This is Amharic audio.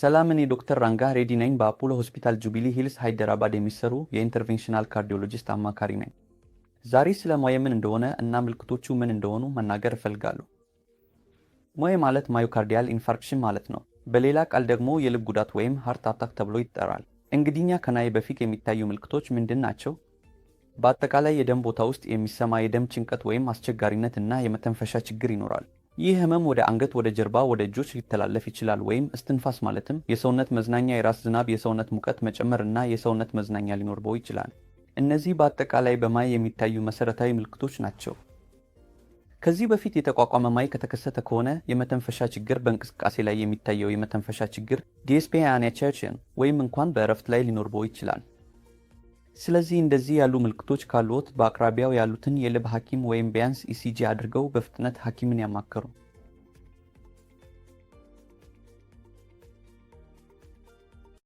ሰላም እኔ ዶክተር ራንጋ ሬዲ ነኝ። በአፖሎ ሆስፒታል ጁቢሊ ሂልስ ሃይደራባድ የሚሰሩ የኢንተርቬንሽናል ካርዲዮሎጂስት አማካሪ ነኝ። ዛሬ ስለ ሞየ ምን እንደሆነ እና ምልክቶቹ ምን እንደሆኑ መናገር እፈልጋሉ ሞዬ ማለት ማዮካርዲያል ኢንፋርክሽን ማለት ነው። በሌላ ቃል ደግሞ የልብ ጉዳት ወይም ሀርት አታክ ተብሎ ይጠራል። እንግዲኛ ከናይ በፊት የሚታዩ ምልክቶች ምንድን ናቸው? በአጠቃላይ የደም ቦታ ውስጥ የሚሰማ የደም ጭንቀት ወይም አስቸጋሪነት እና የመተንፈሻ ችግር ይኖራል። ይህ ህመም ወደ አንገት፣ ወደ ጀርባ፣ ወደ እጆች ሊተላለፍ ይችላል። ወይም እስትንፋስ ማለትም የሰውነት መዝናኛ፣ የራስ ዝናብ፣ የሰውነት ሙቀት መጨመር እና የሰውነት መዝናኛ ሊኖርበው ይችላል። እነዚህ በአጠቃላይ በማይ የሚታዩ መሰረታዊ ምልክቶች ናቸው። ከዚህ በፊት የተቋቋመ ማይ ከተከሰተ ከሆነ የመተንፈሻ ችግር፣ በእንቅስቃሴ ላይ የሚታየው የመተንፈሻ ችግር ዲስፔኒያ ወይም እንኳን በእረፍት ላይ ሊኖርበው ይችላል። ስለዚህ እንደዚህ ያሉ ምልክቶች ካሉት በአቅራቢያው ያሉትን የልብ ሐኪም ወይም ቢያንስ ኢሲጂ አድርገው በፍጥነት ሐኪምን ያማከሩ።